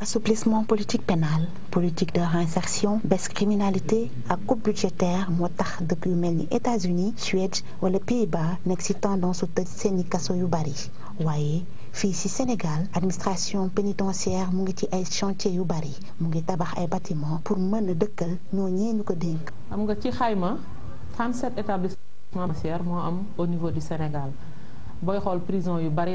assouplissement politique pénale politique de réinsertion baisse criminalité à coupe budgétaire moo depuis dëkk États-Unis Suède les Pays-Bas nekk ci tendance su tëj seeni kaso yu bari au Sénégal administration pénitentiaire mu ngi ci ay chantier yu bari mu ngi tabax bâtiment pour mener de dëkkal ñoo ñee pas ko dénk. am nga ci xayma 37 établissements pénitentiaires au niveau du Sénégal Boy xool prison yu bari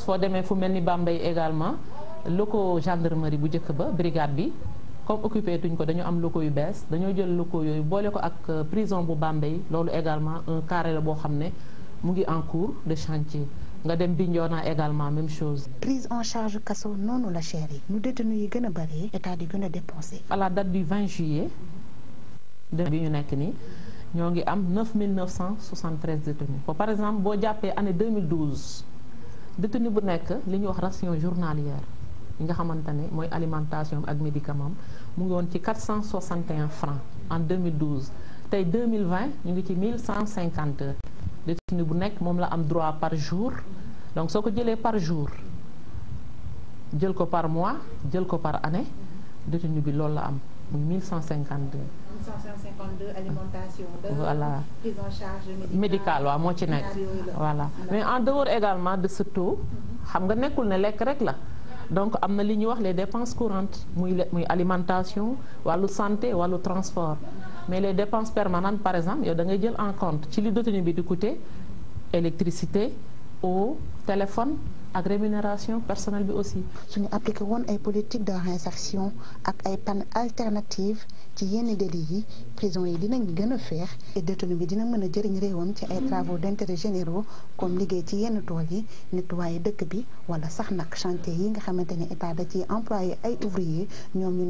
soo demain, fu mel ni Bambey également locaux gendarmerie bu njëkk ba brigade bi comme occupé tuñ ko dañu am locaux yu bees dañoo jël locaux yooyu boole ko ak euh, prison bu Bambey loolu également un carré la boo xam mu ngi en cours de chantier nga dem Bignona également même chose. prise en charge casso non la chérie Nous nu détenu yi gën a bari état di gën a dépensé. à la date du 20 juillet bi ñu nekk nii 9 973 am 9973 détenus par exemple boo jàppee année 2012 détenu bu nekk li ñuy wax ration journalière yi nga xamante ne alimentation ak médicament mu 461 francs en 2012 En 2020 ñu ngi ci 1150 détenu bu nekk moom la am droit par jour donc soo ko jëlee par jour jël par mois jël par année détenu bi loolu la am 1150 152 alimentation. de prise en charge médicale Médicale, voilà mais en dehors également de ce taux. Mhm. xam nga nekkul ne lekk rek donc il y les dépenses courantes l'alimentation, la alimentation santé le transport mais les dépenses permanentes par exemple y da des jël en compte ci li détenu bi di électricité au téléphone à rémunération personnelle aussi. Nous appliqué une politique de réinsertion ak ay peines alternatives ci yenn délits prison yi dinañ gën a et détenu bi dina mën a jëriñ réewam ci travaux d'intérêt généraux comme liggéey ci yenn tool yi nettoyer dëkk la wala ou nag chantier yi nga xamante ne état da et employé ay